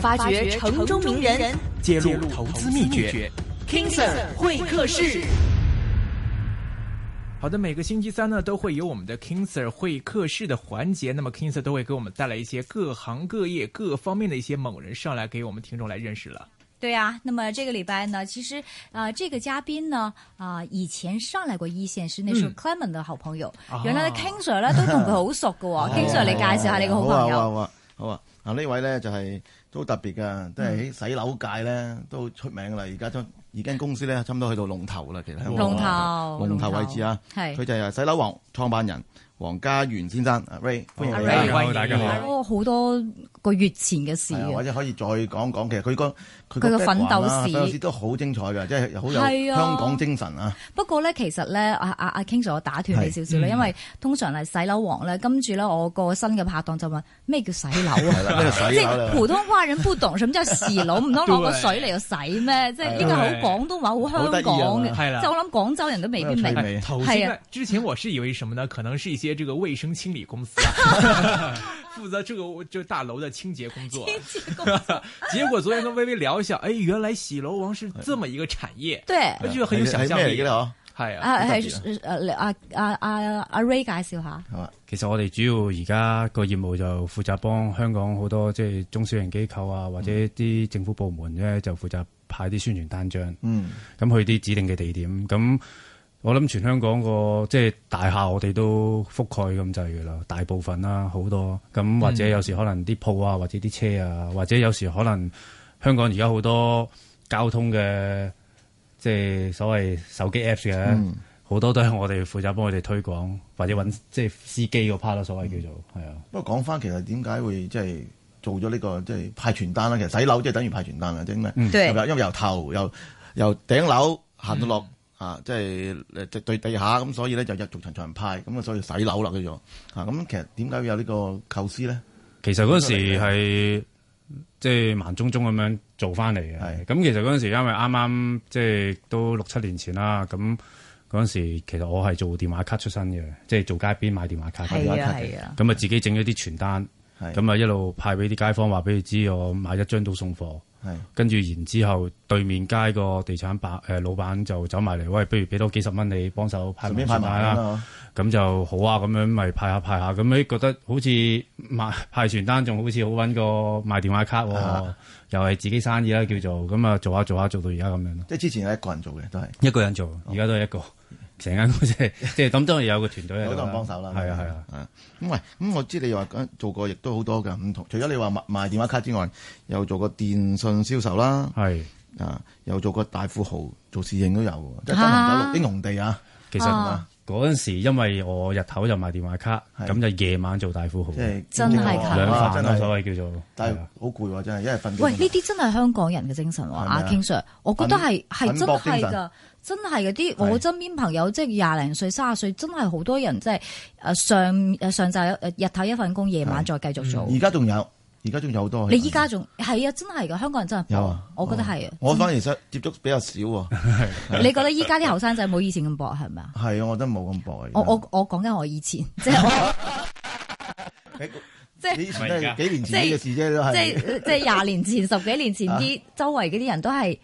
發掘城中名人，揭露投資秘訣。King Sir 會客室，好的，每個星期三呢都會有我們的 King Sir 會客室的環節，那麼 King Sir 都會給我們帶來一些各行各業、各方面的一些猛人上來給我們聽眾來認識了。對啊，那麼這個禮拜呢，其實啊，這個嘉賓呢，啊，以前上來過一線，是那時候 Clement 的好朋友，原來呢 King Sir 呢都同佢好熟㗎喎，King Sir 你介紹下你個好朋友。好啊，好啊，啊呢位呢就係。都特別嘅，即係喺洗樓界咧都出名啦。而家都，依間公司咧，差唔多去到龍頭啦。其實龍頭、哦、龍頭龍頭位置啊，佢頭就係洗樓王創辦人王嘉源先生，的源先生 Ray，歡迎你、啊啊、Ray，大家好，家好多。個月前嘅事啊，或者可以再講講，其實佢個佢個奮鬥史都好精彩嘅，即係好有香港精神啊。不過咧，其實咧，阿阿阿 King sir 我打斷你少少啦，因為通常係洗樓王咧，跟住咧，我個新嘅拍檔就問咩叫洗樓啊？即係普通話人不懂，甚至係時樓唔通攞個水嚟，又洗咩？即係呢個好廣東話，好香港嘅。即係我諗廣州人都未必明。係啊，之前我是以為什麼呢？可能是一些這個衛生清理公司。負責這個就大樓的清潔工作，結果昨天都微微聊一下，誒，原來洗樓王是這麼一個產業，對，佢就很有想象力嘅係啊，啊係啊啊啊啊 Ray 介紹下，其實我哋主要而家個業務就負責幫香港好多即係中小型機構啊，或者啲政府部門咧，就負責派啲宣傳單張，嗯，咁去啲指定嘅地點，咁。我諗全香港個即係大廈，我哋都覆蓋咁滯噶啦，大部分啦，好多咁，或者有時可能啲鋪啊，或者啲車啊，或者有時可能香港而家好多交通嘅，即係所謂手機 Apps 嘅，好、嗯、多都係我哋負責幫佢哋推廣，或者搵即係司機個 part 咯，所謂叫做係啊。不過講翻其實點解會即係、就是、做咗呢、這個即係、就是、派傳單啦，其實洗樓即係等於派傳單嚟啫咩？係咪、嗯？對 因為由頭由由頂樓行到落。嗯啊，即係直對地下咁，所以咧就日逐層層派，咁啊，所以洗樓啦嘅啫。啊，咁其實點解會有呢個構思咧？其實嗰時係即係盲中中咁樣做翻嚟嘅。係，咁其實嗰陣時因為啱啱即係都六七年前啦，咁嗰陣時其實我係做電話卡出身嘅，即係做街邊賣電話卡、電話卡嘅咁啊，自己整咗啲傳單，咁啊係，一路派俾啲街坊，話俾佢知我買一張都送貨。係，跟住是然之後，對面街個地產百誒老闆就走埋嚟，喂，不如俾多幾十蚊你幫手派傳單啦，咁就好啊，咁樣咪派下派下，咁你覺得好似賣派傳單仲好似好揾過賣電話卡、啊，啊、又係自己生意啦、啊，叫做咁啊，做下、啊、做下、啊、做到而家咁樣咯。即係之前係一個人做嘅，都係一個人做，而家都係一個。哦成間公司即係咁都係有個團隊啦，好多人都幫手啦。係啊係啊，啊咁喂，咁我知你話咁做過亦都好多噶，唔同。除咗你話賣電話卡之外，又做過電信銷售啦，係啊，啊，又做過大富豪做侍應都有，即一三五六英雄地啊，啊啊其實啊。嗰陣時，因為我日頭就賣電話卡，咁就夜晚做大富豪，即係真係頭啊，所謂叫做，好攰喎，真係一係瞓。喂，呢啲真係香港人嘅精神喎，阿 King Sir 我覺得係係真係㗎，真係嗰啲我身邊朋友即係廿零歲、卅歲，真係好多人即係誒上誒上晝誒日頭一份工，夜晚再繼續做，而家仲有。而家仲有好多，你依家仲係啊，真係噶，香港人真係搏啊，我覺得係。我反而想接觸比較少喎。你覺得依家啲後生仔冇以前咁搏係咪啊？係啊，我覺得冇咁搏。我我我講緊我以前，即係即係幾年前嘅事啫，都係即係廿年前、十幾年前啲周圍嗰啲人都係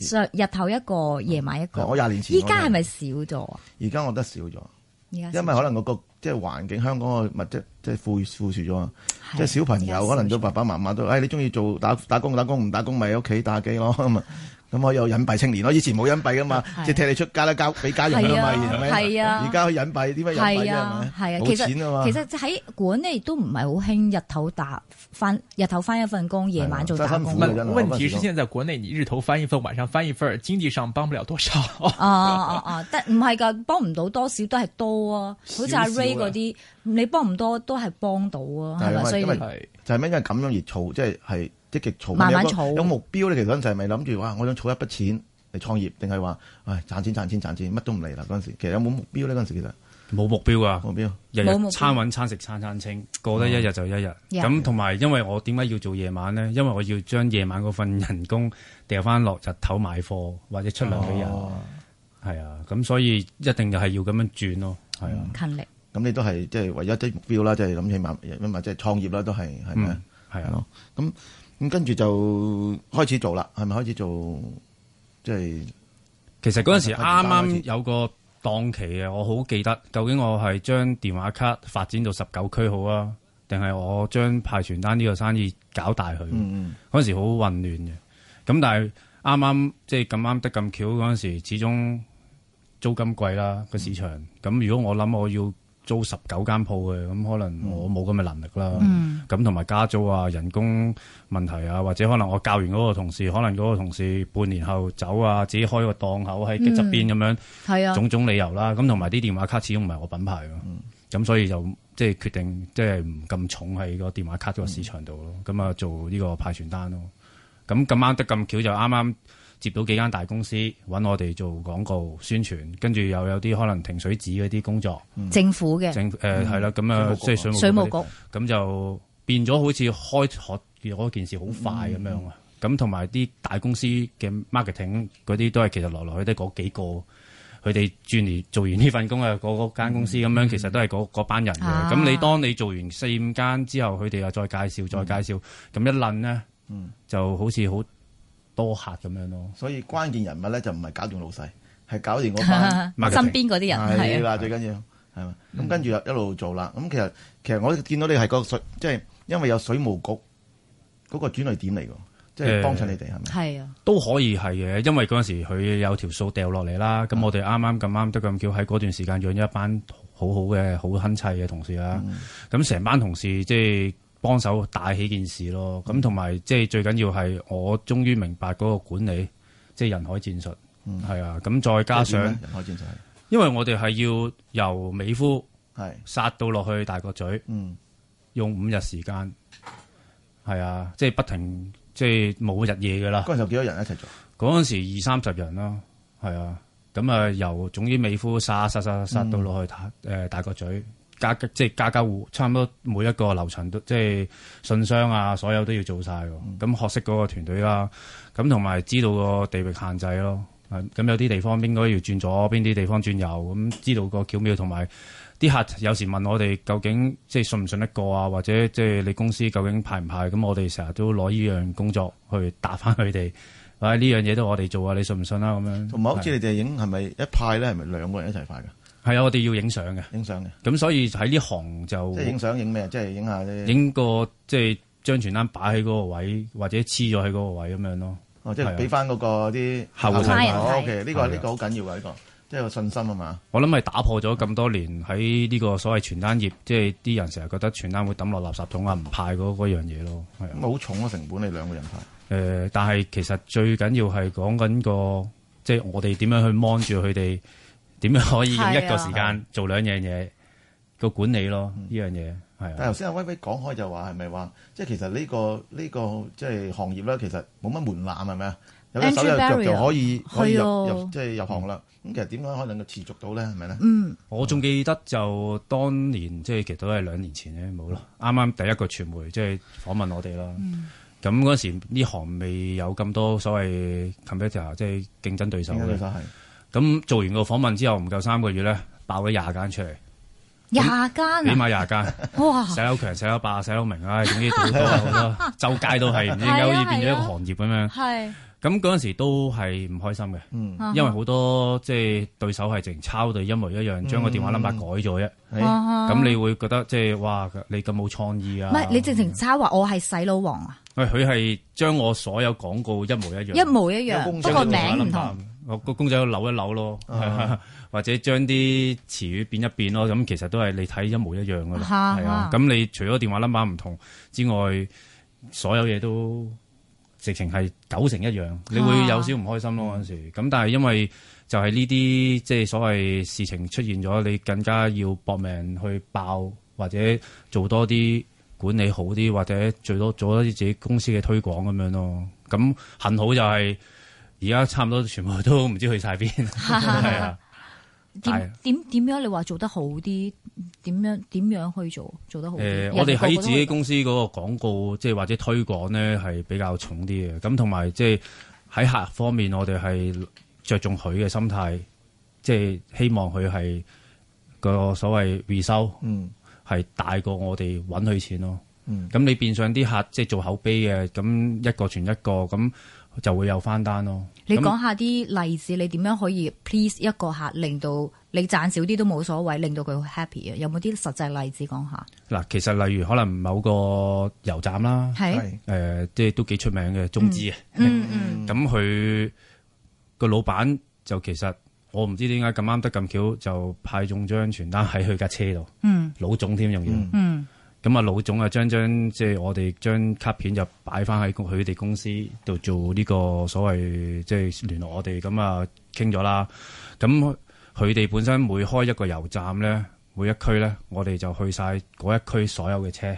上日頭一個，夜晚一個。我廿年前。依家係咪少咗啊？而家我覺得少咗，因為可能嗰個。即係環境，香港嘅物質即係富富庶咗，即係的小朋友可能都爸爸媽媽都，誒的、哎、你中意做打打工打工，唔打工咪喺屋企打機咯咁啊！ 咁我有隱蔽青年咯，以前冇隱蔽噶嘛，即係踢你出街啦，交俾家用啦，咪係咪？而家可以隱蔽，點樣隱蔽啫？係啊，冇錢啊嘛，其實喺國內都唔係好興日頭打翻，日頭翻一份工，夜晚做打工。問題是，現在國內你日頭翻一份，晚上翻一份，經濟上幫不了多少。啊啊啊！但唔係㗎？幫唔到多少都係多啊，好似阿 Ray 嗰啲，你幫唔多都係幫到啊，係啦。所以就係咩？因為咁樣熱燥，即係係。積極儲慢慢儲有目標咧，其實嗰陣時係咪諗住話？我想儲一筆錢嚟創業，定係話唉賺錢賺錢賺錢，乜都唔嚟啦嗰陣時。其實有冇目標咧，嗰陣時其實冇目標噶，冇目標，日日餐揾餐食，餐餐清，過得一日就一日。咁同埋因為我點解要做夜晚咧？因為我要將夜晚嗰份人工掉翻落日頭買貨或者出糧俾人。係啊，咁所以一定就係要咁樣轉咯。係啊，勤力。咁你都係即係唯一啲目標啦，即係諗起萬，諗即係創業啦，都係係咪？係啊，咁。咁跟住就開始做啦，係咪開始做？即係其實嗰陣時啱啱有個檔期嘅，我好記得。究竟我係將電話卡發展到十九區好啊，定係我將派傳單呢個生意搞大佢？嗰陣、嗯嗯、時好混亂嘅。咁但係啱啱即係咁啱得咁巧嗰陣時，始終租金貴啦個市場。咁、嗯、如果我諗我要。租十九間鋪嘅，咁，可能我冇咁嘅能力啦。咁同埋加租啊、人工問題啊，或者可能我教完嗰個同事，可能嗰個同事半年後走啊，自己開個檔口喺側邊咁樣，係、嗯、啊，種種理由啦。咁同埋啲電話卡始終唔係我品牌嘅，咁、嗯、所以就即係決定即係唔咁重喺個電話卡個市場度咯。咁啊、嗯，做呢個派傳單咯。咁咁啱得咁巧，就啱啱。接到幾間大公司搵我哋做廣告宣傳，跟住又有啲可能停水止嗰啲工作，嗯、政府嘅政誒係啦，咁啊，即係水務局、啊，咁就變咗好似開學嗰件事好快咁、嗯嗯、樣啊！咁同埋啲大公司嘅 marketing 嗰啲都係其實來來去去都係嗰幾個，佢哋轉嚟做完呢份工啊，嗰、那、間、個、公司咁樣，其實都係嗰班人嘅。咁、嗯啊、你當你做完四五間之後，佢哋又再介紹，再介紹，咁一輪呢，就好似、嗯嗯、好多客咁樣咯，所以關鍵人物咧就唔係搞掂老細，係搞掂我 身邊嗰啲人。係你話最緊要係嘛？咁跟住又一路做啦。咁、嗯嗯、其實其實我見到你係個水，即係因為有水務局嗰個轉捩點嚟嘅，即係幫襯你哋係咪？係、嗯、啊，都可以係嘅，因為嗰時佢有條數掉落嚟啦。咁我哋啱啱咁啱都咁叫，喺嗰段時間養咗一班好好嘅好亨切嘅同事啦。咁成、嗯嗯、班同事即係。即幫手帶起件事咯，咁同埋即係最緊要係我終於明白嗰個管理，即係人海戰術，係啊，嗯，咁再加上人海戰術，因為我哋係要由美孚係殺到落去大角咀，嗯，用五日時間，係啊，即係不停，即係冇日夜嘅啦。嗯，嗰陣時幾多人一齊做？嗰陣時二三十人咯，係啊，咁啊由總之美孚殺殺殺殺到落去大誒大角咀。嗯加即係家家戶，差唔多每一個樓層都即係信箱啊，所有都要做晒喎。咁、嗯、學識嗰個團隊啦，咁同埋知道個地域限制咯。咁有啲地方應該要轉左，邊啲地方轉右，咁、嗯、知道個巧妙，同埋啲客有時問我哋究竟即係信唔信得過啊，或者即係你公司究竟派唔派？咁我哋成日都攞呢樣工作去答翻佢哋，唉，呢樣嘢都我哋做啊，你信唔信啊？咁樣。同埋好似你哋影係咪一派咧？係咪兩個人一齊派噶？係啊，我哋要影相嘅，影相嘅。咁所以喺呢行就即係影相影咩？即係影下咧。影個即係將傳單擺喺嗰個位，或者黐咗喺嗰個位咁樣咯。哦，即係俾翻嗰個啲客戶睇。OK 呢個呢個好緊要啊！呢個即係個信心啊嘛。我諗係打破咗咁多年喺呢個所謂傳單業，即係啲人成日覺得傳單會抌落垃圾桶啊，唔派嗰嗰樣嘢咯。係啊。咁好重啊成本，你兩個人派。誒，但係其實最緊要係講緊個，即係我哋點樣去 mon 住佢哋。點樣可以用一個時間做兩樣嘢個管理咯？呢、嗯、樣嘢係。嗯啊、但係頭先阿威威講開就話係咪話，即係、就是、其實呢、這個呢、這個即係行業咧，其實冇乜門檻係咪啊？有啲手有腳就可以可以入即係、啊入，就是、入行啦。咁、嗯、其實點樣可以能能夠持續到咧？係咪咧？嗯嗯、我仲記得就當年即係、就是、其實都係兩年前咧，冇咯。啱啱第一個傳媒即係訪問我哋啦。咁嗰、嗯、時呢行未有咁多所謂 competitor 即係競爭對手嘅。咁做完個訪問之後唔夠三個月咧，爆咗廿間出嚟，廿間起碼廿間哇！洗樓強、洗樓霸、洗樓明啊，總之好多，周街都係，而家好似變咗一個行業咁樣。係咁嗰陣時都係唔開心嘅，因為好多即係對手係直情抄對一模一樣，將個電話 number 改咗啫。咁你會覺得即係哇，你咁冇創意啊？唔係你直情抄話我係洗樓王啊？喂，佢係將我所有廣告一模一樣，一模一樣，不過名唔同。我個公仔扭一扭咯，啊、 或者將啲詞語變一變咯，咁其實都係你睇一模一樣噶啦。係啊，咁的、啊、你除咗電話 number 唔同之外，所有嘢都直情係九成一樣。你會有少唔開心咯嗰陣時。咁但係因為就係呢啲即係所謂事情出現咗，你更加要搏命去爆，或者做多啲管理好啲，或者最多做多啲自己公司嘅推廣咁樣咯。咁幸好就係、是。而家差唔多全部都唔知去晒邊，係 啊？點點點樣你話做得好啲？點樣點樣去做？做得好啲？誒、呃呃，我哋喺自己公司嗰個廣告，即係或者推廣咧，係比較重啲嘅。咁同埋即係喺客方面，我哋係着重佢嘅心態，即、就、係、是、希望佢係個所謂回收，嗯，係大過我哋搵佢錢咯。嗯，咁你變相啲客即係做口碑嘅，咁一個傳一個，咁就會有翻單咯。你講下啲例子，那你點樣可以 please 一個客，令到你賺少啲都冇所謂，令到佢 happy 啊？有冇啲實際例子講下？嗱，其實例如可能某個油站啦，係誒是，即係、呃、都幾出名嘅中資嘅，咁佢個老闆就其實我唔知點解咁啱得咁巧，就派中張傳單喺佢架車度，嗯老，老總添仲要，用嗯。嗯嗯嗯咁啊，老總啊，將張即係我哋將卡片就擺翻喺佢哋公司度做呢個所謂即係聯絡我哋咁啊，傾咗啦。咁佢哋本身每開一個油站咧，每一區咧，我哋就去晒嗰一區所有嘅車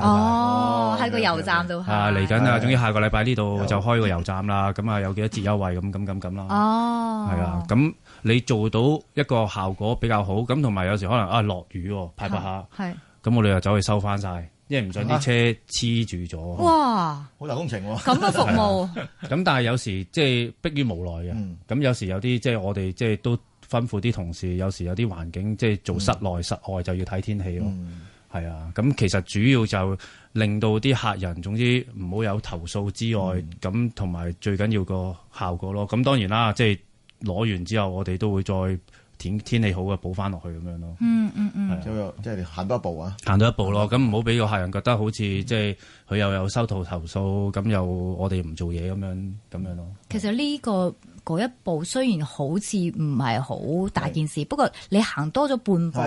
哦，喺個油站度啊，嚟緊啊，總之下個禮拜呢度就開個油站啦。咁啊，有幾多折優惠咁咁咁咁咯。哦，係啊。咁你做到一個效果比較好，咁同埋有時可能啊落雨喎，派下。係。咁我哋又走去收翻晒，因為唔想啲車黐住咗。哇！好大工程喎，咁嘅服務。咁但係有時即係、就是、迫於無奈嘅，咁、嗯、有時有啲即係我哋即係都吩咐啲同事，有時有啲環境即係、就是、做室內室外就要睇天氣咯。係啊、嗯，咁其實主要就令到啲客人，總之唔好有投訴之外，咁同埋最緊要個效果咯。咁當然啦，即係攞完之後，我哋都會再。天天氣好嘅，補翻落去咁樣咯。嗯嗯嗯，即係你行多一步啊！行多一步咯，咁唔好俾個客人覺得好似即係佢又有收到投訴，咁又我哋唔做嘢咁樣咁樣咯。其實呢個嗰一步雖然好似唔係好大件事，不過你行多咗半步，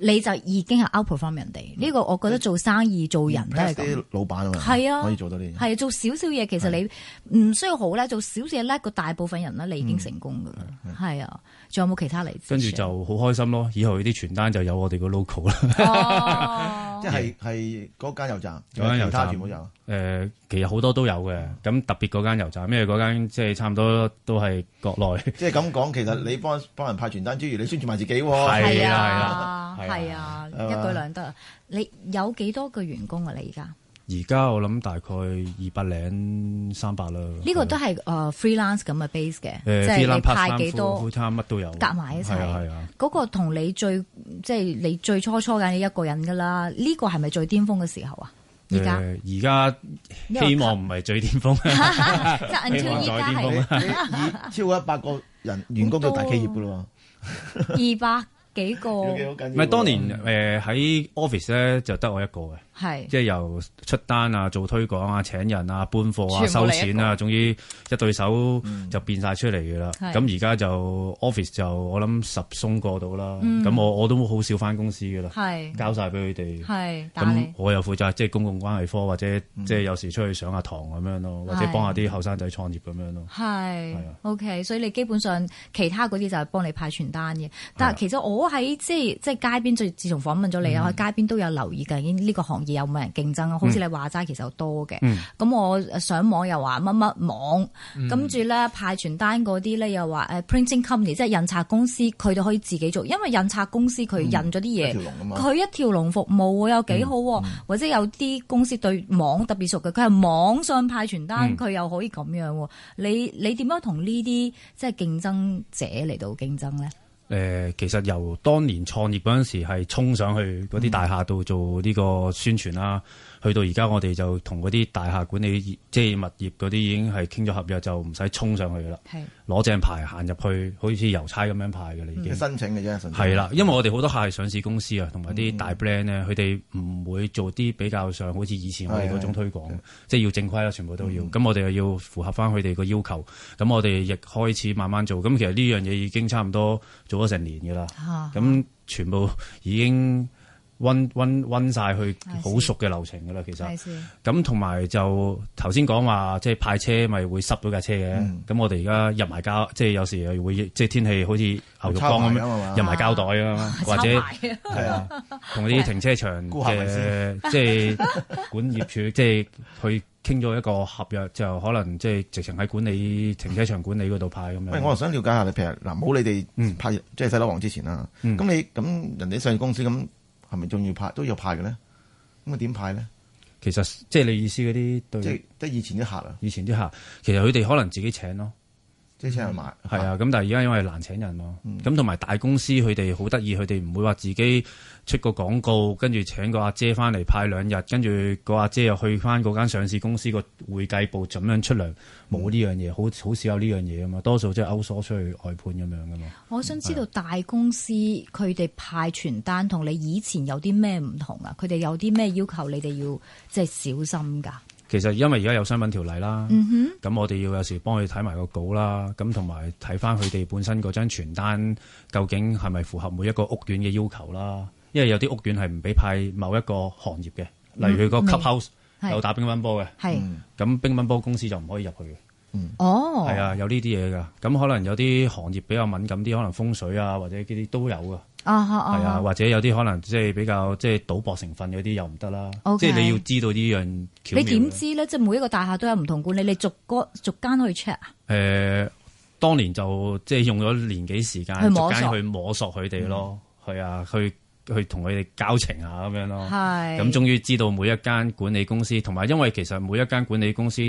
你就已經係 outperform 人哋。呢個我覺得做生意做人都係啲老闆啊，係啊，可以做到啲係做少少嘢，其實你唔需要好叻，做少少嘢叻過大部分人咧，你已經成功噶啦，係啊。仲有冇其他嚟？跟住就好開心咯！以後佢啲傳單就有我哋個 logo 啦， 即係係嗰間油站，嗰間油站誒、呃，其實好多都有嘅。咁特別嗰間油站，因為嗰間即係差唔多都係國內。即係咁講，其實你幫幫人派傳單之餘，你宣傳埋自己喎。係 啊，係啊，係 啊，一舉兩得啊！你有幾多個員工啊？你而家？而家我諗大概二百零三百啦。呢個都係誒 freelance 咁嘅 base 嘅，即係你派幾多，睇下乜都有，夾埋一齊。係啊係啊，嗰個同你最即係、就是、你最初初嘅你一個人噶啦。呢、呢個係咪最巔峰嘅時候啊？而家而家希望唔係最巔峯 希望而家係超過一百個人員工嘅大企業咯。不到 二百個 幾個，唔係 當年誒喺 office 咧就得我一個嘅。係，即係由出單啊、做推廣啊、請人啊、搬貨啊、收錢啊，總之一對手就變晒出嚟嘅啦。咁而家就 office 就我諗十鬆過到啦。咁我我都好少翻公司㗎啦，交晒俾佢哋。係，咁我又負責即係公共關係科，或者即係有時出去上下堂咁樣咯，或者幫下啲後生仔創業咁樣咯。係，OK，所以你基本上其他嗰啲就係幫你派傳單嘅。但係其實我喺即係即係街邊最自從訪問咗你啦，喺街邊都有留意㗎。已經呢個行。有冇人競爭啊？好似你話齋，其實多嘅。咁、嗯、我上網又話乜乜網，跟住咧派傳單嗰啲咧又話誒、啊、Printing Company，即係印刷公司，佢哋可以自己做，因為印刷公司佢印咗啲嘢，佢、嗯、一,一條龍服務會有幾好、啊，嗯嗯、或者有啲公司對網特別熟嘅，佢係網上派傳單，佢、嗯、又可以咁樣、啊。你你點樣同呢啲即係競爭者嚟到競爭咧？誒、呃，其實由當年創業嗰陣時，係衝上去嗰啲大廈度做呢個宣傳啦。嗯嗯去到而家，我哋就同嗰啲大廈管理，即係物業嗰啲，已經係傾咗合約，就唔使衝上去嘅啦。係攞是正牌行入去，好似郵差咁樣派嘅啦。已經、嗯、申請嘅啫。係啦，因為我哋好多客上市公司啊，同埋啲大 brand 咧、嗯，佢哋唔會做啲比較上，好似以前我哋嗰種推廣，的即係要正規啦，全部都要。咁、嗯、我哋又要符合翻佢哋個要求。咁我哋亦開始慢慢做。咁其實呢樣嘢已經差唔多做咗成年嘅啦。咁、嗯、全部已經。溫溫溫曬去好熟嘅流程噶啦，其實咁同埋就頭先講話，即係派車咪會濕到架車嘅。咁我哋而家入埋膠，即係有時會即係天氣好似牛肉乾咁樣入埋膠袋啊，或者係啊，同啲停車場嘅即係管業處，即係去傾咗一個合約，就可能即係直情喺管理停車場管理嗰度派咁樣。我又想了解下你，譬如嗱冇你哋派即係洗樓王之前啦，咁你咁人哋上市公司咁。係咪仲要派都有派嘅咧？咁啊點派咧？就是？其實即係你意思嗰啲對，即係以前啲客啊，以前啲客其實佢哋可能自己請咯。即係去買，係、嗯、啊，咁但係而家因為難請人咯，咁同埋大公司佢哋好得意，佢哋唔會話自己出個廣告，跟住請個阿姐翻嚟派兩日，跟住個阿姐又去翻嗰間上市公司個會計部，咁樣出糧冇呢樣嘢，好好、嗯、少有呢樣嘢啊嘛，多數即係歐所出去外判咁樣噶嘛。我想知道大公司佢哋，嗯、派傳單同你以前有啲咩唔同啊？佢哋有啲咩要求你哋要即係、就是、小心噶？其實因為而家有商品條例啦，咁、嗯、哼我哋要有時幫佢睇埋個稿啦，咁同埋睇翻佢哋本身嗰張傳單，究竟係咪符合每一個屋苑嘅要求啦？因為有啲屋苑係唔俾派某一個行業嘅，例如佢個 club house 有、嗯、打乒乓波嘅，咁乒乓波公司就唔可以入去嘅。嗯、哦，係啊，有呢啲嘢㗎。咁可能有啲行業比較敏感啲，可能風水啊，或者呢啲都有㗎。啊啊啊！Uh huh, uh huh. 或者有啲可能即係比較即係賭博成分嗰啲又唔得啦。Okay. 即係你要知道，知道呢樣。你點知咧？即係每一個大廈都有唔同管理，你逐個逐間去 check 啊？誒、呃，當年就即係用咗年幾時間，逐間去摸索佢哋咯。係啊、嗯，去去同佢哋交情下咁樣咯。係是。咁終於知道每一間管理公司，同埋因為其實每一間管理公司。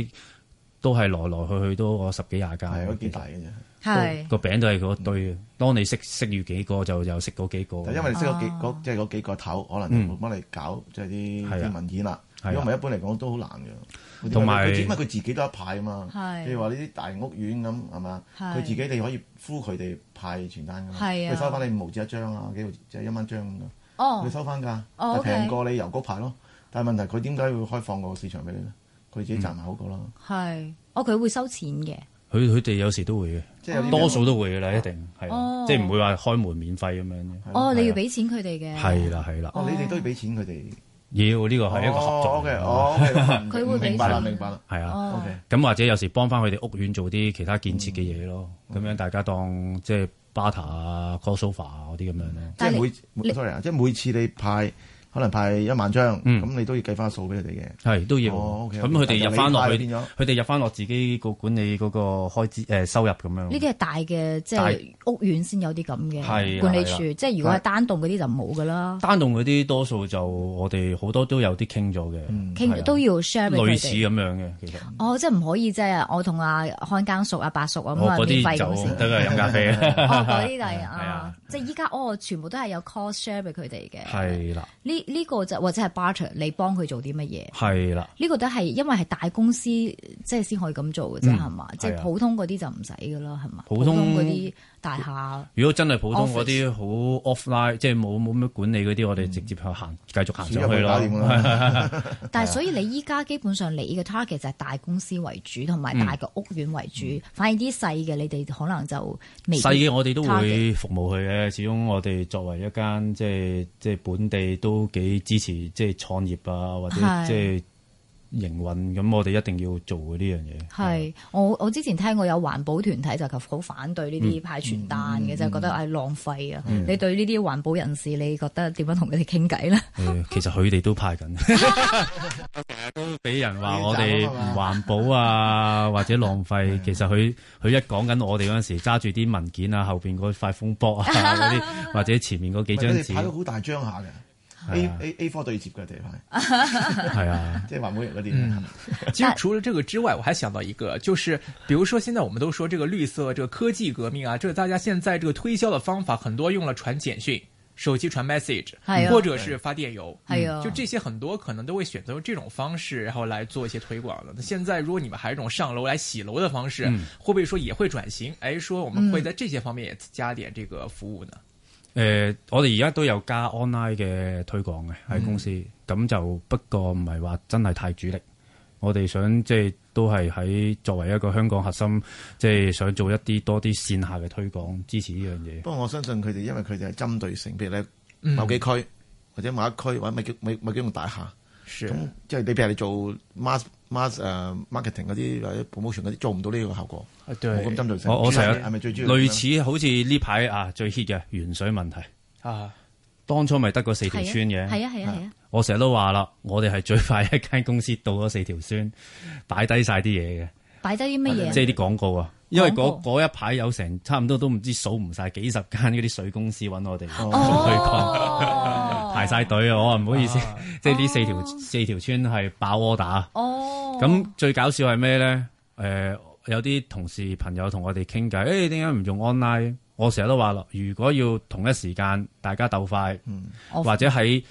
都係來來去去都個十幾廿間，係嗰啲大嘅啫。係個餅都係嗰堆。當你識識住幾個就就識嗰幾個。因為識嗰幾嗰即係嗰幾個頭，可能會幫你搞即係啲文件啦。如果唔係，一般嚟講都好難嘅。同埋，因為佢自己都一派啊嘛。譬如話啲大屋苑咁係嘛，佢自己你可以呼佢哋派傳單㗎嘛。啊，佢收翻你五毫紙一張啊，幾毫即係一蚊張咁咯。哦，佢收翻㗎，平過你郵局派咯。但係問題佢點解會開放個市場俾你咧？佢自己賺埋好過咯，係，哦佢會收錢嘅，佢佢哋有時都會嘅，即係多數都會嘅啦，一定，係，即係唔會話開門免費咁樣嘅。哦，你要俾錢佢哋嘅，係啦係啦，哦，你哋都要俾錢佢哋，要呢個係一個合作嘅，哦，佢會俾錢。明白明白啦，係啊，咁或者有時幫翻佢哋屋苑做啲其他建設嘅嘢咯，咁樣大家當即係巴塔啊、crossover 啊嗰啲咁樣咯，即係每，sorry 即係每次你派。可能派一萬張，咁你都要計翻數俾佢哋嘅，係都要。咁佢哋入翻落去，佢哋入翻落自己個管理嗰個開支誒，收入咁樣。呢啲係大嘅，即係屋苑先有啲咁嘅管理處。即係如果係單棟嗰啲就冇噶啦。單棟嗰啲多數就我哋好多都有啲傾咗嘅，傾都要 share 俾佢哋。類似咁樣嘅，其實哦，即係唔可以即係我同阿看更叔、阿伯叔啊，免費嗰時都係飲咖啡。哦，嗰啲就係啊。即係依家哦，全部都係有 cost share 俾佢哋嘅。係啦的，呢呢、這個就或者係 barter，你幫佢做啲乜嘢？係啦的，呢個都係因為係大公司即係先可以咁做嘅啫，係嘛、嗯？吧即係普通嗰啲就唔使噶啦，係嘛、嗯？吧普通嗰啲。大廈，如果真係普通嗰啲好 offline、嗯、即係冇冇咩管理嗰啲，嗯、我哋直接去行，繼續行上去咯。嗯、但係所以你依家基本上你嘅 target 就係大公司為主，同埋大個屋苑為主，嗯、反而啲細嘅你哋可能就未。細嘅我哋都會服務佢嘅。始終我哋作為一間即係即係本地都幾支持即係創業啊，或者即係。營運咁，我哋一定要做嘅呢樣嘢。係，我我之前聽過有環保團體就求好反對呢啲派傳單嘅，就覺得係浪費啊！你對呢啲環保人士，你覺得點樣同佢哋傾偈咧？其實佢哋都派緊，都俾人話我哋唔環保啊，或者浪費。其實佢佢一講緊我哋嗰陣時，揸住啲文件啊，後邊嗰塊風波啊嗰啲，或者前面嗰幾張紙，派咗好大張下嘅。A A A 4對接的地方，啊，哈哈，係啊，即係華美園嗰啲。其實除了這個之外，我還想到一個，就是，比如說現在我們都說這個綠色，這個科技革命啊，這個，大家現在這個推銷的方法，很多用了傳簡訊、手機傳 message，係，或者是發電郵，係啊、 嗯，就這些很多可能都會選擇用這種方式，然後來做一些推廣的。那現在如果你們還係種上樓來洗樓的方式，嗯、會不會說也會轉型？誒、哎，說我們會在這些方面也加點這個服務呢？誒、呃，我哋而家都有加 online 嘅推廣嘅喺公司，咁、嗯、就不過唔係話真係太主力。我哋想即係都係喺作為一個香港核心，即係想做一啲多啲線下嘅推廣，支持呢樣嘢。不過、嗯、我相信佢哋，因為佢哋係針對性，譬如咧某幾區、嗯、或者某一區或者某幾某某幾棟大廈。啊、即係你譬如你做 mas mas 誒、uh, marketing 嗰啲或者 promotion 嗰啲做唔到呢個效果，對對我咁針對我我成日係咪最類似好似呢排啊最 hit 嘅鉛水問題啊，啊當初咪得個四條村嘅，係啊係啊係啊，啊啊啊啊我成日都話啦，我哋係最快一間公司到咗四條村擺低晒啲嘢嘅，擺低啲乜嘢，即係啲廣告啊。因為嗰一排有成差唔多都唔知數唔晒幾十間嗰啲水公司揾我哋，去佢講、哦、 排晒隊啊！我話唔好意思，啊、即係呢四條、啊、四條村係爆窩打。哦，咁最搞笑係咩咧？誒、呃，有啲同事朋友同我哋傾偈，誒、欸，點解唔用 online？我成日都話咯，如果要同一時間大家鬥快，嗯、或者喺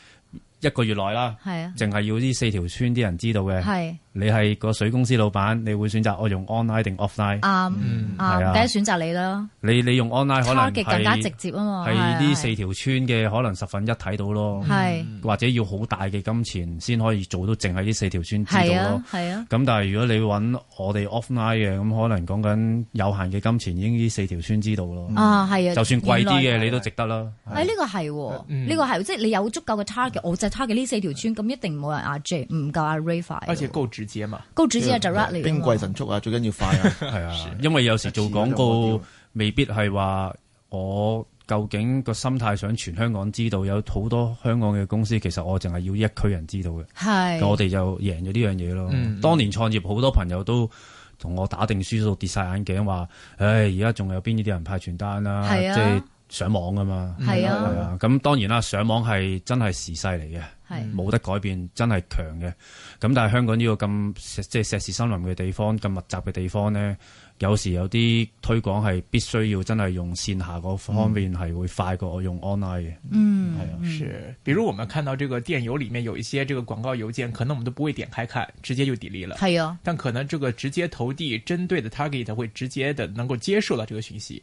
一個月內啦，係是啊，淨係要呢四條村啲人知道嘅，係。你係個水公司老闆，你會選擇我用 online 定 offline？啱，第一選擇你啦！你你用 online 可能 target，更加直接啊嘛，係呢四條村嘅可能十分一睇到咯，係，或者要好大嘅金錢先可以做到，淨係呢四條村知道咯，係啊。咁但係如果你揾我哋 offline 嘅，咁可能講緊有限嘅金錢，已經呢四條村知道咯。啊，係啊，就算貴啲嘅你都值得啦。呢個係喎，呢個係即係你有足夠嘅 target，我就 target 呢四條村，咁一定冇人阿 J，唔夠阿 Rafe 字啊嘛，高主子就就嚟兵貴神速啊，最緊要快啊，係 啊，因為有時做廣告 未必係話我究竟個心態想全香港知道，有好多香港嘅公司其實我淨係要一區人知道嘅，係是我哋就贏咗呢樣嘢咯。嗯嗯，當年創業好多朋友都同我打定輸數，跌晒眼鏡，話唉，而家仲有邊啲人派傳單啊，啊即係上網啊嘛，係啊，咁、啊啊、當然啦，上網係真係時勢嚟嘅。冇得、嗯、改變，真係強嘅。咁但係香港呢個咁即係石屎森林嘅地方，咁密集嘅地方呢，有時有啲推廣係必須要真係用線下嗰方面係會快過我用 online 嘅。嗯，係啊，是。比如我們看到這個電郵裡面有一些這個廣告郵件，可能我們都不會點開看，直接就 delete 了。係啊。但可能這個直接投遞針對的 target 會直接的能夠接受到這個訊息。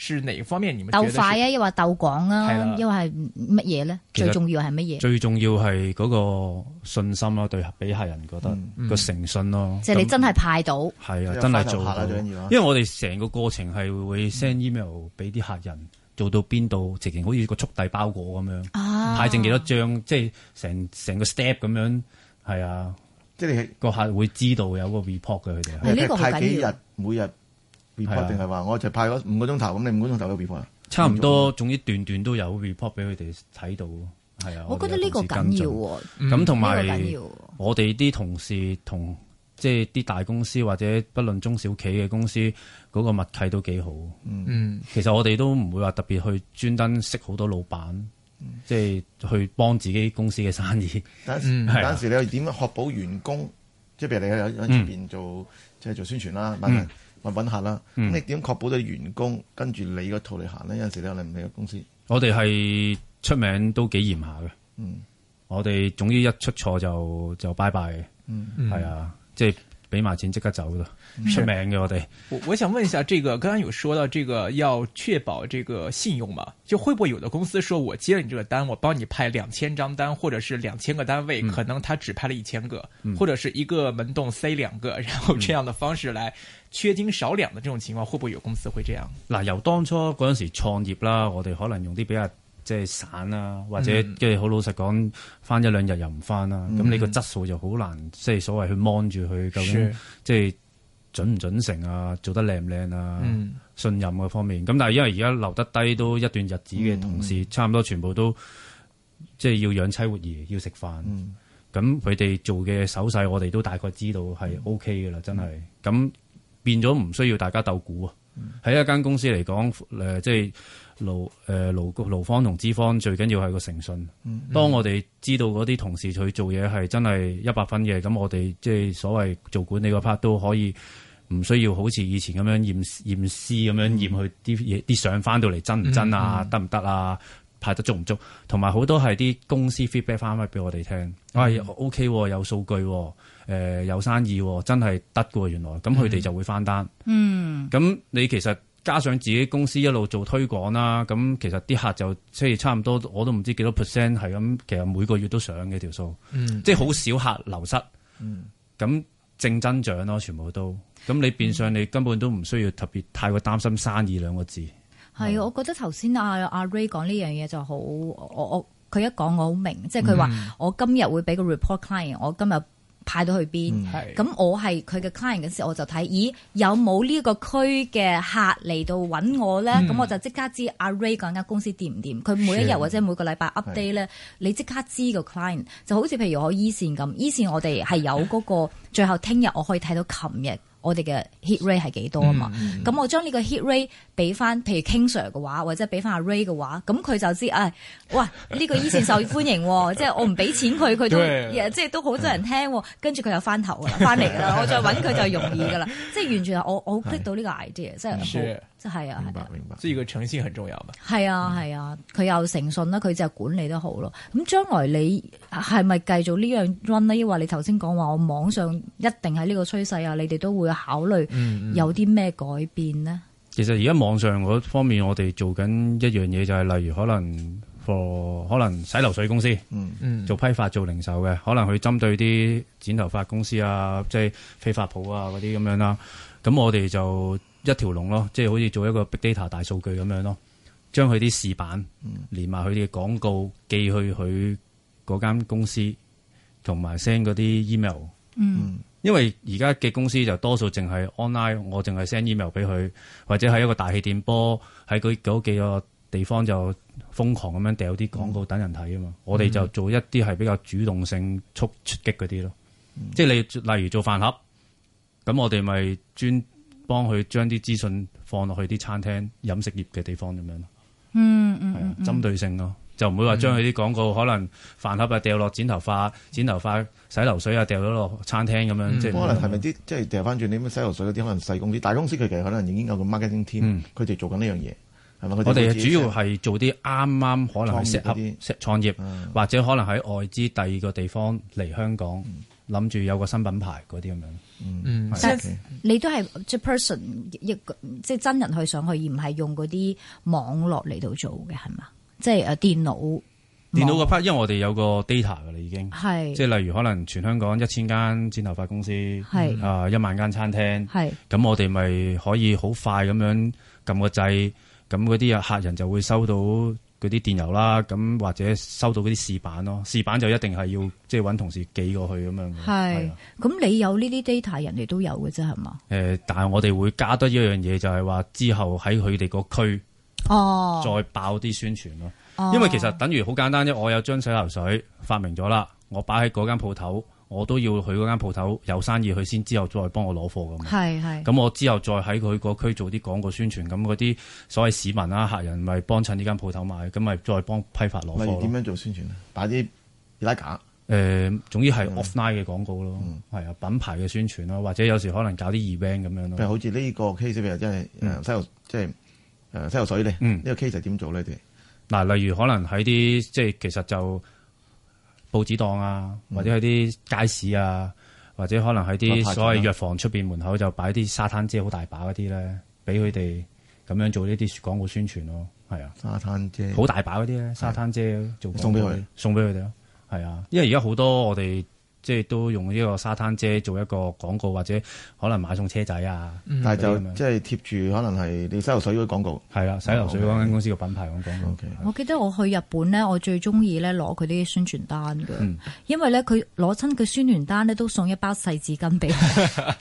是哪方面而鬥快啊，又話鬥廣啊，因為係乜嘢咧？最重要係乜嘢？最重要係嗰個信心囉，對俾客人覺得個誠信咯。即係你真係派到，係啊，真係做到。因為我哋成個過程係會 send email 俾啲客人做到邊度，直情好似個速遞包裹咁樣派剩幾多張，即係成成個 step 咁樣係啊。即係你個客會知道有個 report 嘅佢哋，即係派幾日，每日。report 定係話我就派咗五個鐘頭咁，你五個鐘頭有 report 啊？差唔多，總之段段都有 report 俾佢哋睇到。係啊，我覺得呢個緊要。咁同埋我哋啲同事同即係啲大公司或者不論中小企嘅公司嗰個默契都幾好。嗯，其實我哋都唔會話特別去專登識好多老闆，即係去幫自己公司嘅生意。但係，但係，時你又點樣確保員工？即係譬如你喺前出邊做，即係做宣傳啦，咪揾下啦，咁、嗯、你點確保到員工跟住你個套嚟行咧？有陣時你可能唔喺個公司，我哋係出名都幾嚴下嘅。嗯，我哋總之一出錯就就拜拜嘅。嗯嗯，係啊，嗯、即係。俾埋錢即刻走啦，嗯、出名嘅我哋。我我想問一下，這個剛剛有說到，這個要確保這個信用嘛？就會不會有的公司說我接了你這個單，我幫你派兩千張單，或者是兩千個單位，可能他只派了一千個，或者是一個門洞塞兩個，然後這樣的方式來缺斤少兩的這種情況，會不會有公司會這樣？嗱，由當初嗰陣時創業啦，我哋可能用啲比較。即係散啦、啊，或者即係好老實講，翻一兩日又唔翻啦。咁你、嗯、個質素就好難，即係所謂去 mon 住佢究竟即係準唔準成啊，做得靚唔靚啊，嗯、信任嘅方面。咁但係因為而家留得低都一段日子嘅同事，嗯、差唔多全部都即係要養妻活兒，要食飯。咁佢哋做嘅手勢，我哋都大概知道係 OK 嘅啦，真係。咁變咗唔需要大家鬥估。啊！喺一間公司嚟講，誒、呃，即係勞誒勞勞方同資方最緊要係個誠信。嗯嗯、當我哋知道嗰啲同事佢做嘢係真係一百分嘅，咁我哋即係所謂做管理個 part 都可以唔需要好似以前咁樣驗驗屍咁樣驗佢啲嘢，啲相翻到嚟真唔真啊，得唔得啊？排得足唔足，同埋好多係啲公司 feedback 翻翻俾我哋聽，哇，OK，有數據、哦，誒、呃、有生意、哦，真係得嘅原來，咁佢哋就會翻單。嗯，咁你其實加上自己公司一路做推廣啦，咁其實啲客就即係、欸、差唔多，我都唔知幾多 percent 係咁，其實每個月都上嘅條數，嗯、即係好少客流失。嗯，咁正增長咯，全部都，咁你變相你根本都唔需要特別太過擔心生意兩個字。係，我覺得頭先阿阿 Ray 講呢樣嘢就好，我我佢一講我好明，即係佢話我今日會俾個 report client，我今日派到去邊，咁、嗯、我係佢嘅 client 嘅時候，我就睇，咦有冇呢個區嘅客嚟到揾我咧？咁、嗯、我就即刻知阿、啊、Ray 嗰間公司掂唔掂？佢每一日或者每個禮拜 update 咧是，你即刻知個 client 就好似譬如我 e 線咁，e 線、 e、我哋係有嗰個最後聽日我可以睇到琴日。我哋嘅 hit rate 係幾多啊嘛？咁、嗯、我將呢個 hit rate 俾翻，譬如 King sir 嘅話，或者俾翻阿 Ray 嘅話，咁佢就知，哎，喂，呢、呢個以前受歡迎，即係我唔俾錢佢，佢都即係都好多人聽，跟住佢又翻頭嘅，翻嚟嘅啦，我再揾佢就容易嘅啦， 即係完全係我我好 click 到呢個 idea，即係。 即係啊，明白明白，所以個誠信很重要嘅。係啊係啊，佢、啊啊啊、有誠信啦，佢就管理得好咯。咁將來你係咪繼續呢樣 run 咧？亦或你頭先講話我網上一定係呢個趨勢啊？你哋都會考慮有啲咩改變呢？嗯嗯嗯、其實而家網上嗰方面我，我哋做緊一樣嘢就係、是，例如可能 for 可能洗流水公司，嗯嗯，嗯做批發做零售嘅，可能去針對啲剪頭髮公司啊，即係飛髮舖啊嗰啲咁樣啦。咁我哋就。一條龍咯，即係好似做一個 Big Data 大數據咁樣咯，將佢啲試版連埋佢哋嘅廣告寄去佢嗰間公司，同埋 send 嗰啲 email、嗯。因為而家嘅公司就多數淨係 online，我淨係 send email 俾佢，或者係一個大氣電波喺佢幾個地方就瘋狂咁樣掉啲廣告等人睇啊嘛。嗯、我哋就做一啲係比較主動性速出擊嗰啲咯，嗯、即係你例如做飯盒，咁我哋咪專幫佢將啲資訊放落去啲餐廳飲食業嘅地方咁樣咯，嗯嗯，係啊，針對性咯，就唔會話將佢啲廣告可能飯盒啊掉落剪頭髮、剪頭髮洗頭水啊掉咗落餐廳咁樣，即係可能係咪啲即係掉翻轉啲咩洗頭水嗰啲可能細公司，大公司佢其實可能已經有個 marketing team，佢哋做緊呢樣嘢，係咪？我哋主要係做啲啱啱可能適合創業或者可能喺外資第二個地方嚟香港。諗住有個新品牌嗰啲咁樣，嗯，即係你都係即 person 一個，即係真人去上去，而唔係用嗰啲網絡嚟到做嘅，係嘛？即係誒電腦，電腦個 part，因為我哋有個 data 嘅啦，已經係，即係是例如可能全香港一千間剪頭髮公司，係啊是、呃，一萬間餐廳，係是，咁我哋咪可以好快咁樣撳個掣，咁嗰啲啊客人就會收到。嗰啲電郵啦，咁或者收到嗰啲試板咯，試板就一定係要即係揾同事寄過去咁樣。係是，咁、啊、你有呢啲 data，人哋都有嘅啫，係嘛？誒、呃，但係我哋會加多一樣嘢，就係話之後喺佢哋個區哦，再爆啲宣傳咯。哦、因為其實等於好簡單啫，我有張洗頭水發明咗啦，我擺喺嗰間鋪頭。我都要去嗰間鋪頭有生意去，佢先之後再幫我攞貨咁。係係。咁我之後再喺佢嗰區做啲廣告宣傳，咁嗰啲所謂市民啦、啊、客人咪幫襯呢間鋪頭買，咁咪再幫批發攞。例如點樣做宣傳啊？擺啲拉架。誒、呃，總之係 offline 嘅廣告咯，係、嗯、啊，品牌嘅宣傳咯，或者有時可能搞啲 event 咁樣咯。譬如好似呢個 case 譬如即係誒洗即係誒洗頭水咧，呢、嗯、個 case 係點做咧？嗱、嗯，例如可能喺啲即係其實就。報紙檔啊，或者喺啲街市啊，或者可能喺啲所謂藥房出邊門口就擺啲沙灘遮好大把嗰啲咧，俾佢哋咁樣做呢啲廣告宣傳咯，啊，係啊沙，沙灘遮好大把嗰啲咧，沙灘遮做送俾佢，送俾佢哋咯，係啊，因為而家好多我哋。即係都用呢個沙灘遮做一個廣告，或者可能買送車仔啊。嗯、但係就即係貼住，可能係你洗頭水嘅廣告。係啦，洗頭水嗰間公司個品牌咁講。我記得我去日本咧，我最中意咧攞佢啲宣傳單嘅，嗯、因為咧佢攞親佢宣傳單咧都送一包細紙巾俾我。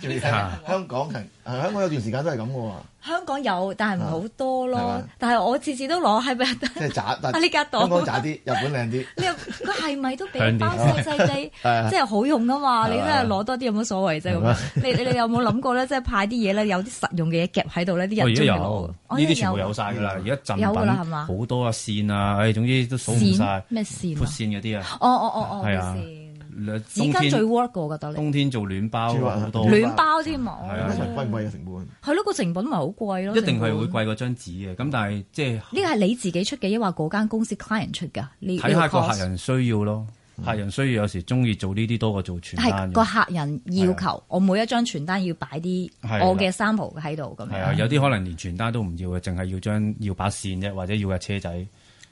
你睇下香港人。喺香港有段時間都係咁嘅喎。香港有，但係唔好多咯。但係我次次都攞喺邊？即係渣，香港渣啲，日本靚啲。呢佢係咪都俾包細細地？即係好用啊嘛！你都係攞多啲有冇所謂啫？咁，你你有冇諗過咧？即係派啲嘢咧，有啲實用嘅嘢夾喺度呢。啲人中意呢啲全部有晒㗎啦，而家有贈品好多啊線啊，唉，總之都數唔曬咩線？闊線嗰啲啊！哦哦哦哦，兩紙巾最 work 嘅，我覺得。冬天做暖包，暖包添說啊！係啊，貴唔貴啊成本？係咯，個成本咪好貴咯。一定係會貴嗰張紙嘅。咁但係即係呢個係你自己出嘅，抑或嗰間公司 client 出㗎？睇下個客人需要咯，客人需要有時中意做呢啲多過做傳單。係個客人要求，我每一張傳單要擺啲我嘅 sample 喺度咁樣。係啊，嗯，啊，有啲可能連傳單都唔要嘅，淨係要張要把線啫，或者要架車仔。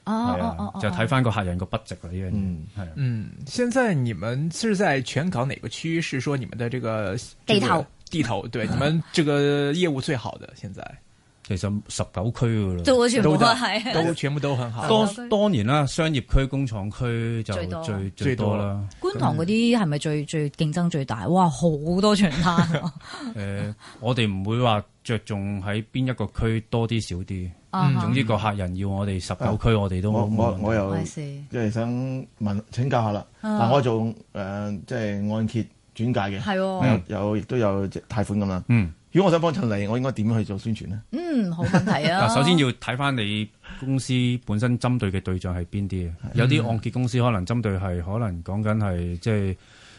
哦，就睇翻個客人個筆值啊，呢樣嘢係。嗯，現在你們是在全港哪個區？是說你們的這個地頭地頭，對你們這個業務最好的？現在其實十九區噶啦，都全部都全部都很好。當當然啦，商業區、工廠區就最最多啦。觀塘嗰啲係咪最最競爭最大？哇，好多全攤。誒，我哋唔會話。着重喺邊一個區多啲少啲？嗯、啊，總之個客人要我哋十九區，我哋都我我有，即係想問請教下啦。嗱、啊，我做誒即係按揭轉介嘅，係、哦、有亦都有貸款咁啦。嗯，如果我想幫襯你，我應該點去做宣傳呢？嗯，好問題啊！嗱， 首先要睇返你公司本身針對嘅對象係邊啲？的有啲按揭公司可能針對係可能講緊係即係。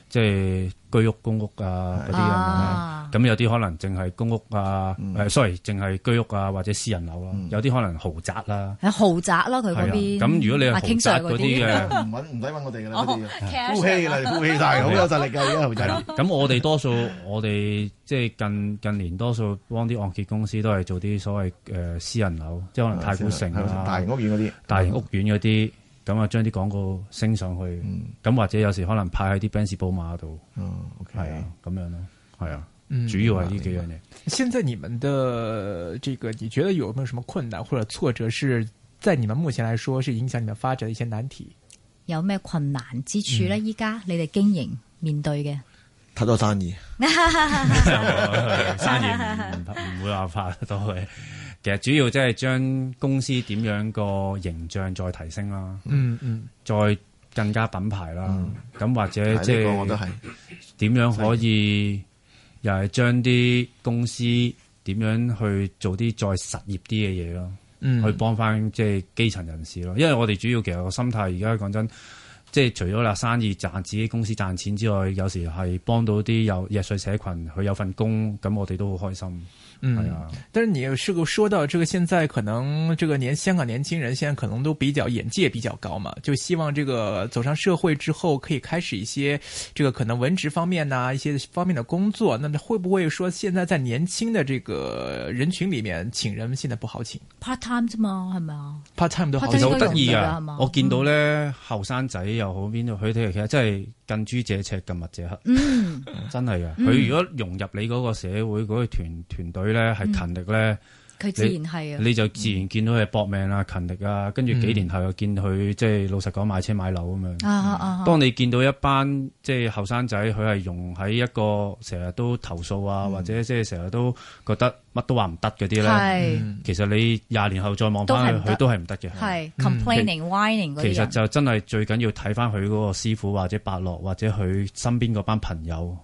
即係居屋、公屋啊嗰啲啊，咁有啲可能淨係公屋啊，誒，sorry，淨係居屋啊，或者私人樓咯，有啲可能豪宅啦，豪宅咯，佢嗰邊。咁如果你係傾向嗰啲嘅，唔使揾我哋嘅啦，嗰啲，呼氣啦，呼氣曬，好有實力㗎依家豪宅。咁我哋多數，我哋即係近近年多數幫啲按揭公司都係做啲所謂誒私人樓，即係可能太古城大型屋苑嗰啲、大型屋苑嗰啲。咁啊，將啲廣告升上去，咁、嗯、或者有時可能派喺啲 Benz 奔馳、寶馬度，係咁樣咯，係啊，啊嗯、主要係呢幾樣嘢。現在你們嘅，這個你覺得有冇有什麼困難或者挫折？是在你們目前來說是影響你們發展的一些難題？有咩困難之處咧？依家、嗯、你哋經營面對嘅太多生意，生意唔 會話怕都會。 其實主要即係將公司點樣個形象再提升啦、嗯，嗯嗯，再更加品牌啦，咁、嗯、或者即係，我覺得係，點樣可以的又係將啲公司點樣去做啲再實業啲嘅嘢咯，嗯，去幫翻即係基層人士咯，因為我哋主要其實個心態而家講真。即係除咗啦生意賺自己公司賺錢之外，有時係幫到啲有弱勢社群去有份工，咁我哋都好開心。嗯，係啊。但係你試過，說到這個現在可能這個年香港年輕人，現在可能都比較眼界比較高嘛，就希望這個走上社會之後可以開始一些這個可能文職方面啊，一些方面的工作。那會不會說現在在年輕的這個人群裏面請人現在不好請 part time 啫嘛，係咪啊？part time 都好得意啊，我見到咧後生仔。又好邊度？佢哋其實真係近朱者赤，近墨者黑。嗯， 真係噶是。佢、嗯、如果融入你嗰個社會，嗰、嗰個團團，團隊咧，係勤力咧。嗯佢自然係啊，你就自然見到佢搏命啊，勤力啊，跟住幾年後又見佢即係老實講買車買樓咁樣。啊啊啊！當你見到一班即係後生仔，佢係用喺一個成日都投訴啊，或者即係成日都覺得乜都話唔得嗰啲咧，其實你廿年後再望翻佢都係唔得嘅。係 complaining、whining 其實就真係最緊要睇翻佢嗰個師傅或者伯樂或者佢身邊嗰班朋友。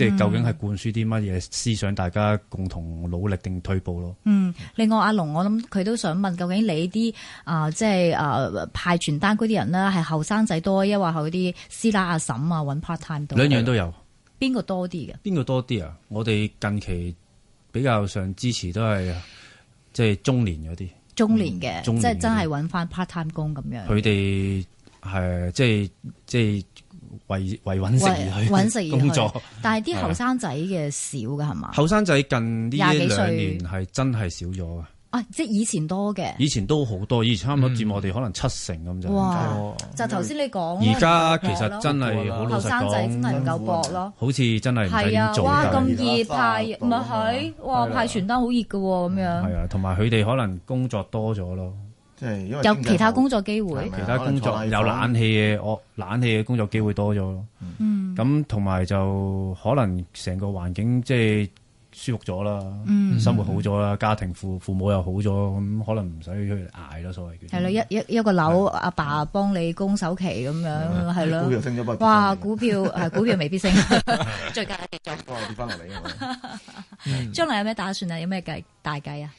即係、嗯、究竟係灌輸啲乜嘢思想，大家共同努力定退步咯？嗯，另外阿龍，我諗佢都想問，究竟你啲啊、呃，即係啊、呃、派傳單嗰啲人咧，係後生仔多，抑或係啲師奶阿嬸啊揾 part time 多？兩樣都有。邊個多啲嘅？邊個多啲啊？我哋近期比較上支持都係即係中年嗰啲、嗯。中年嘅，即係真係揾翻 part time 工咁樣。佢哋係即係即係。為為搵食而去搵食工作，但係啲後生仔嘅少㗎，係嘛？後生仔近呢一兩年係真係少咗啊！啊，即係以前多嘅，以前都好多，以前差唔多佔我哋可能七成咁就。哇！就頭先你講，而家其實真係好老實，後生仔真係唔夠搏咯。好似真係係啊！哇，咁熱，派唔係哇？派傳單好熱㗎咁樣。係啊，同埋佢哋可能工作多咗咯。有其他工作機會，其他工作有冷氣嘅，我冷氣嘅工作機會多咗咯。嗯，咁同埋就可能成個環境即係舒服咗啦，生活好咗啦，家庭父父母又好咗，咁可能唔使出去捱咯，所謂嘅。係咯，一一一個樓阿爸幫你供首期咁樣，係咯。股票升咗不過。哇！股票係股票未必升，最近。哇！跌翻落嚟啊！將來有咩打算啊？有咩計大計啊？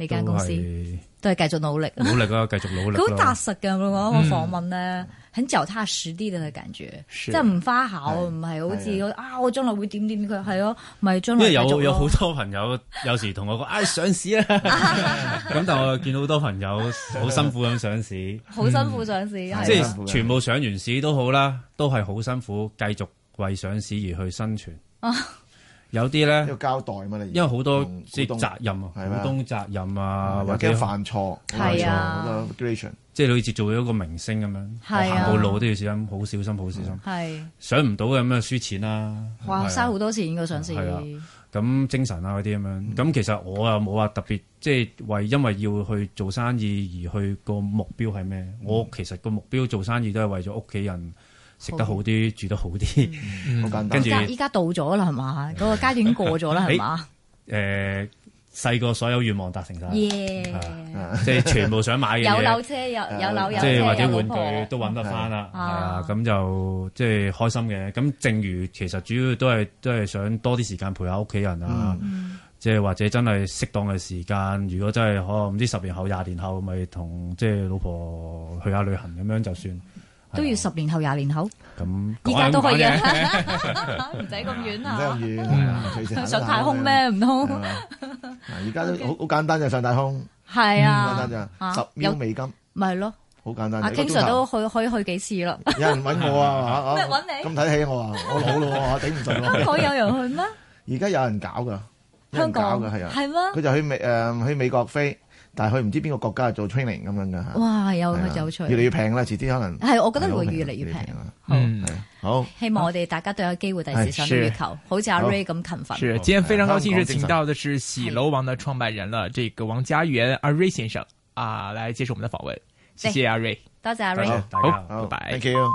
呢間公司都係繼續努力，努力啊，繼續努力。佢好踏實㗎，我我訪問咧，很腳踏實啲嘅感覺，即係唔花巧，唔係好似我啊，我將來會點點佢，係咯，唔係將來。因為有有好多朋友有時同我講「唉，上市啊！」咁但係我見到好多朋友好辛苦咁上市，好辛苦上市。即係全部上完市都好啦，都係好辛苦，繼續為上市而去生存。有啲咧，要交代嘛你，因為好多即係責任啊，股東責任啊，或者犯錯，係啊，即係類似做咗個明星咁樣，行步路都要小心，好小心，好小心。係。想唔到咁樣，輸錢啦，哇！嘥好多錢應該想係啦。咁精神啊，嗰啲咁樣。咁其實我啊，冇話特別，即係為因為要去做生意而去個目標係咩？我其實個目標做生意都係為咗屋企人。食得好啲，住得好啲，跟住依家到咗啦，係嘛？嗰個階段已經過咗啦，係嘛？誒，細個所有願望達成晒，即係全部想買嘢，有樓車有有樓即係或者玩具都揾得翻啦。啊，咁就即係開心嘅。咁正如其實主要都係都係想多啲時間陪下屋企人啊。即係或者真係適當嘅時間，如果真係可能唔知十年後、廿年後，咪同即係老婆去下旅行咁樣就算。都要十年後、廿年後，咁而家都可以嘅，唔使咁遠啊！唔遠，上太空咩？唔通？而家都好好簡單就上太空，係啊，好簡單就十秒美金，咪係咯，好簡單。啊，經常都去，可以去幾次咯。有人揾我啊，嚇嚇，咁睇起我啊，我老咯，我頂唔順咯。香港有人去咩？而家有人搞噶，有人搞噶，係啊，係咩？佢就去美誒，去美國飛。但係佢唔知邊個國家做 training 咁樣噶吓，哇，係又有趣，越嚟越平啦，遲啲可能係，我覺得會越嚟越平。嗯，好，希望我哋大家都有機會第時上月球，好似阿 Ray 咁勤奮。是，今天非常高興是請到的是洗樓王嘅創辦人了，這個王嘉源阿 Ray 先生，啊，嚟接受我哋嘅訪問，謝謝阿 Ray，多謝阿 Ray，好，拜拜，thank you。